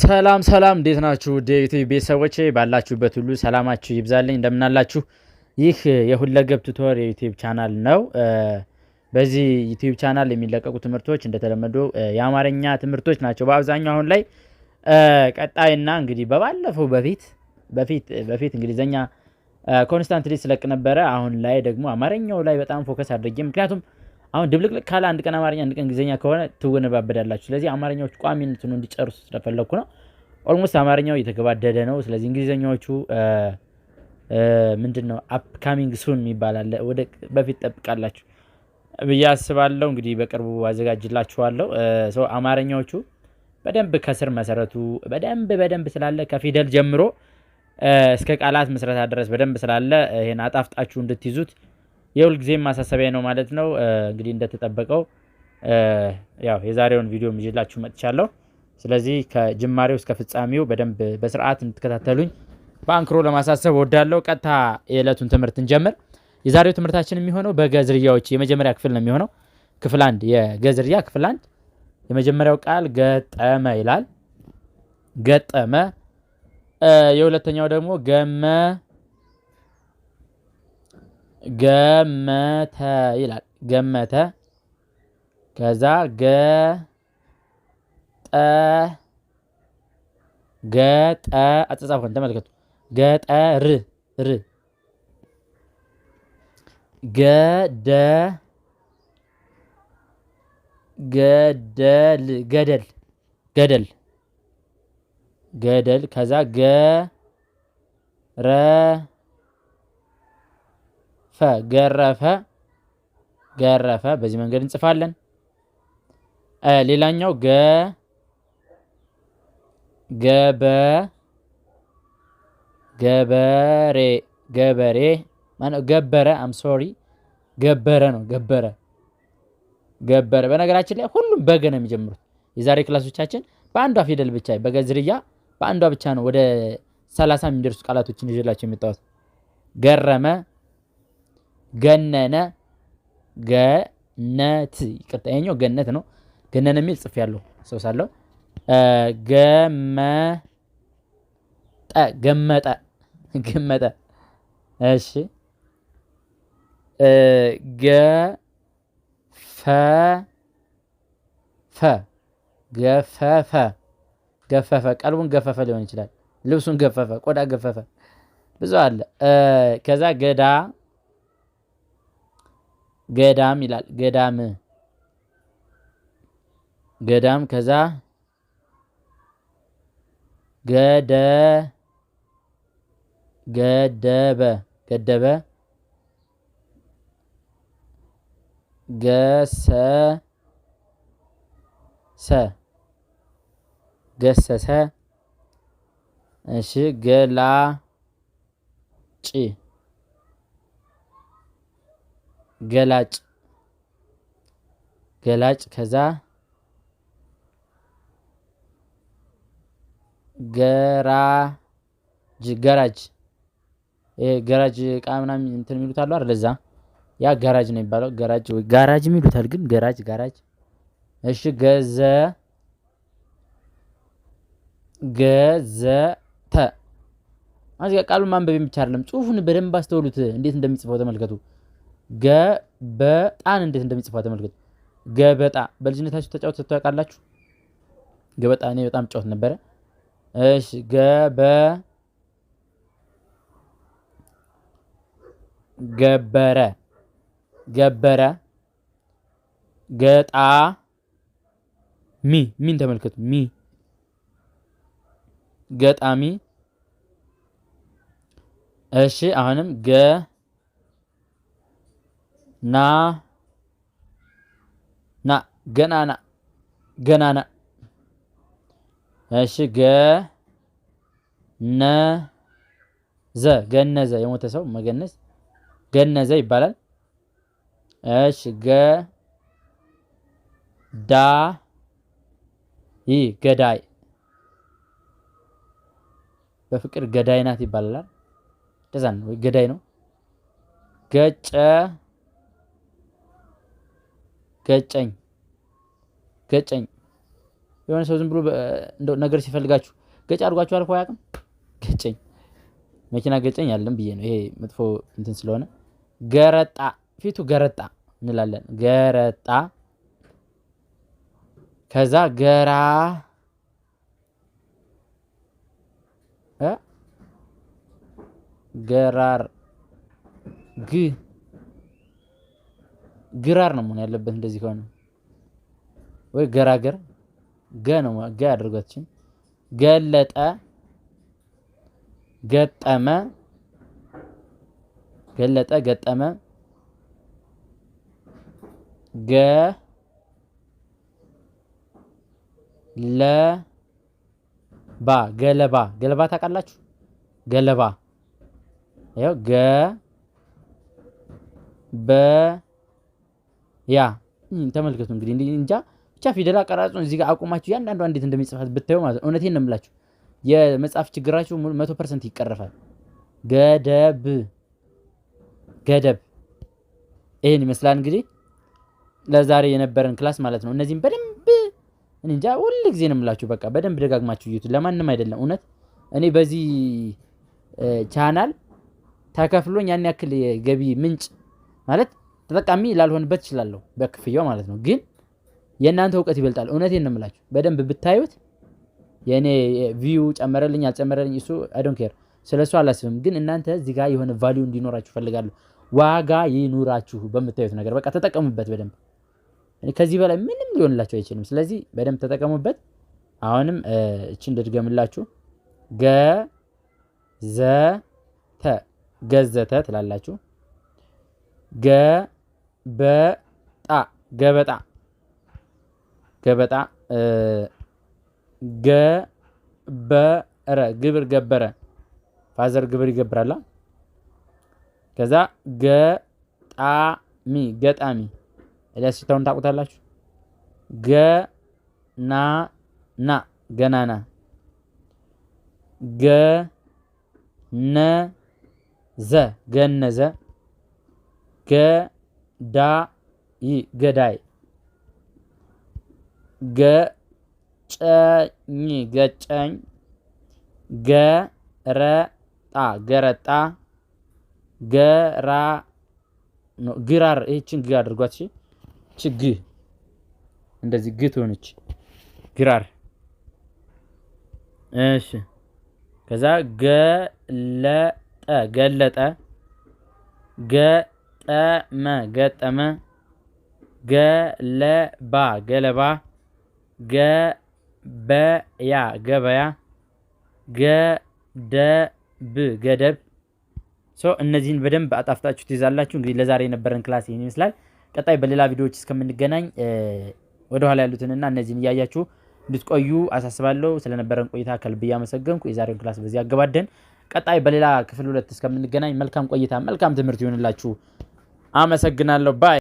ሰላም ሰላም፣ እንዴት ናችሁ? ዴቲ ቤተሰቦች ባላችሁበት ሁሉ ሰላማችሁ ይብዛልኝ። እንደምናላችሁ ይህ የሁለገብ ቱቶር የዩቲዩብ ቻናል ነው። በዚህ ዩቲዩብ ቻናል የሚለቀቁ ትምህርቶች እንደተለመዱ የአማርኛ ትምህርቶች ናቸው በአብዛኛው አሁን ላይ ቀጣይና እንግዲህ በባለፈው በፊት በፊት በፊት እንግሊዘኛ ኮንስታንትሊ ስለቅ ነበረ። አሁን ላይ ደግሞ አማርኛው ላይ በጣም ፎከስ አድርጌ ምክንያቱም አሁን ድብልቅልቅ ካለ አንድ ቀን አማርኛ አንድ ቀን እንግሊዝኛ ከሆነ ትወነባበዳላችሁ። ስለዚህ አማርኛዎች ቋሚነት ነው እንዲጨርሱ ስለፈለግኩ ነው። ኦልሞስት አማርኛው የተገባደደ ነው። ስለዚህ እንግሊዝኛዎቹ ምንድን ነው አፕካሚንግ ሱን ይባላል። ወደ በፊት ጠብቃላችሁ ብዬ አስባለሁ። እንግዲህ በቅርቡ አዘጋጅላችኋለሁ። ሰው አማርኛዎቹ በደንብ ከስር መሰረቱ በደንብ በደንብ ስላለ ከፊደል ጀምሮ እስከ ቃላት ምስረታ ድረስ በደንብ ስላለ ይሄን አጣፍጣችሁ እንድትይዙት የሁልጊዜም ማሳሰቢያ ነው ማለት ነው። እንግዲህ እንደተጠበቀው ያው የዛሬውን ቪዲዮ ይዤላችሁ መጥቻለሁ። ስለዚህ ከጅማሬው እስከ ፍጻሜው በደንብ በስርዓት እንድትከታተሉኝ በአንክሮ ለማሳሰብ ወዳለው። ቀጥታ የዕለቱን ትምህርት እንጀምር። የዛሬው ትምህርታችን የሚሆነው በገዝርያዎች የመጀመሪያ ክፍል ነው የሚሆነው። ክፍል አንድ የገዝርያ ክፍል አንድ የመጀመሪያው ቃል ገጠመ ይላል። ገጠመ። የሁለተኛው ደግሞ ገመ ገመተ ይላል። ገመተ ከዛ ገጠ ገጠ አጻጻፉን ተመልከቱ። ገጠር ር ገደ ገደል ገደል ገደል ገደል ከዛ ገረ ገረፈ ገረፈ በዚህ መንገድ እንጽፋለን። ሌላኛው ገ ገበ ገበሬ ገበሬ ማነው ገበረ አም ሶሪ ገበረ ነው ገበረ ገበረ። በነገራችን ላይ ሁሉም በገ ነው የሚጀምሩት። የዛሬ ክላሶቻችን በአንዷ ፊደል ብቻ በገ ዝርያ በአንዷ ብቻ ነው ወደ ሰላሳ የሚደርሱ ቃላቶችን ይዤላቸው የመጣሁት ገረመ ገነነ ገነት ይቅርታ፣ ይሄኛው ገነት ነው። ገነነ የሚል ጽፍ ያለው ሰው ሳለው ገመጠ ገመጠ ገመጠ። እሺ ገፈፈ ገፈፈ ገፈፈ ቀልቡን ገፈፈ ሊሆን ይችላል። ልብሱን ገፈፈ፣ ቆዳ ገፈፈ፣ ብዙ አለ። ከዛ ገዳ ገዳም ይላል። ገዳም ገዳም ከዛ ገደ ገደበ ገደበ ገሰሰ ገሰሰ እሺ ጭ ገላጭ ገላጭ ከዛ ገራጅ ገራጅ ገራጅ እቃ ምናምን እንትን የሚሉት አሉ አይደል? እዛ ያ ገራጅ ነው የሚባለው። ገራጅ ወይ ጋራጅ የሚሉታል ግን ገራጅ ጋራጅ። እሺ ገዘ ገዘተ ማለት ቃሉን ማንበብ ብቻ አይደለም፣ ጽሁፉን በደንብ አስተውሉት፣ እንዴት እንደሚጽፈው ተመልከቱ። ገበጣን እንዴት እንደሚጽፋ ተመልከቱ። ገበጣ በልጅነታችሁ ተጫውት ታውቃላችሁ? ገበጣ እኔ በጣም ጫወት ነበረ። እሺ ገበ ገበረ ገበረ ገጣ ሚ ሚን ተመልከቱ። ሚ ገጣሚ። እሺ አሁንም ገ ና ና ገናና ገናና እሺ ገነዘ ገነዘ የሞተ ሰው መገነዝ ገነዘ ይባላል። እሺ ገዳይ ገዳይ በፍቅር ገዳይ ናት ይባላል። እንደዛ ገዳይ ነው። ገጨ ገጨኝ ገጨኝ የሆነ ሰው ዝም ብሎ ነገር ሲፈልጋችሁ ገጭ አድርጓችሁ አልፎ አያውቅም። ገጨኝ መኪና ገጨኝ አለም ብዬ ነው። ይሄ መጥፎ እንትን ስለሆነ ገረጣ ፊቱ ገረጣ እንላለን። ገረጣ ከዛ ገራ ገራር ግ ግራር ነው መሆን ያለበት። እንደዚህ ከሆነ ወይ ገራገር ገ ነው ገ አድርጓችን ገለጠ፣ ገጠመ፣ ገለጠ፣ ገጠመ፣ ገ ለ ባ ገለባ ገለባ ታውቃላችሁ? ገለባ ያው ገ በ ያ ተመልከቱ እንግዲህ እንጃ ብቻ ፊደል አቀራረጹን እዚህ ጋር አቁማችሁ እያንዳንዷ እንዴት እንደሚጽፋት ብታዩ ማለት ነው። እውነቴን ነው የምላችሁ የመጽሐፍ ችግራችሁ መቶ ፐርሰንት ይቀረፋል። ገደብ ገደብ ይህን ይመስላል እንግዲህ ለዛሬ የነበረን ክላስ ማለት ነው። እነዚህም በደንብ እንጃ ሁል ጊዜ ነው የምላችሁ በቃ በደንብ ደጋግማችሁ እዩት። ለማንም አይደለም እውነት እኔ በዚህ ቻናል ተከፍሎኝ ያን ያክል የገቢ ምንጭ ማለት ተጠቃሚ ላልሆንበት እችላለሁ በክፍያው ማለት ነው። ግን የእናንተ እውቀት ይበልጣል። እውነቴን ነው የምላችሁ። በደንብ ብታዩት የእኔ ቪዩ ጨመረልኝ አልጨመረልኝ እሱ አይ ኬር ስለ እሱ አላስብም። ግን እናንተ እዚህ ጋር የሆነ ቫሊዩ እንዲኖራችሁ እፈልጋለሁ። ዋጋ ይኑራችሁ በምታዩት ነገር። በቃ ተጠቀሙበት በደንብ ከዚህ በላይ ምንም ሊሆንላቸው አይችልም። ስለዚህ በደንብ ተጠቀሙበት። አሁንም እችን ልድገምላችሁ። ገዘተ ገዘተ ትላላችሁ ገ በጣ ገበጣ ገበጣ ገበረ ግብር ገበረ ፋዘር ግብር ይገብራላ። ከዛ ገጣሚ ገጣሚ ኤልያስ ሽታውን ታውቁታላችሁ። ገናና ገናና ገነዘ ገነዘ ገ ዳይ ገዳይ ገጨኝ ገጨኝ ገረጣ ገረጣ ገራ ግራር ይህችን ግ አድርጓት። እሺ ግ እንደዚህ ግ ትሆንች ግራር። እሺ ከዛ ገለጠ ገለጠ ገ ገጠመ ገጠመ ገለባ ገለባ ገበያ ገበያ ገደብ ገደብ እነዚህን በደንብ አጣፍታችሁ ትይዛላችሁ። እንግዲህ ለዛሬ የነበረን ክላስ ይህን ይመስላል። ቀጣይ በሌላ ቪዲዮዎች እስከምንገናኝ ወደኋላ ያሉትንና እነዚህን እያያችሁ እንድትቆዩ አሳስባለሁ። ስለነበረን ቆይታ ከልብ እያመሰገንኩ የዛሬውን ክላስ በዚህ አገባደን። ቀጣይ በሌላ ክፍል ሁለት እስከምንገናኝ መልካም ቆይታ፣ መልካም ትምህርት ይሆንላችሁ። አመሰግናለሁ ባይ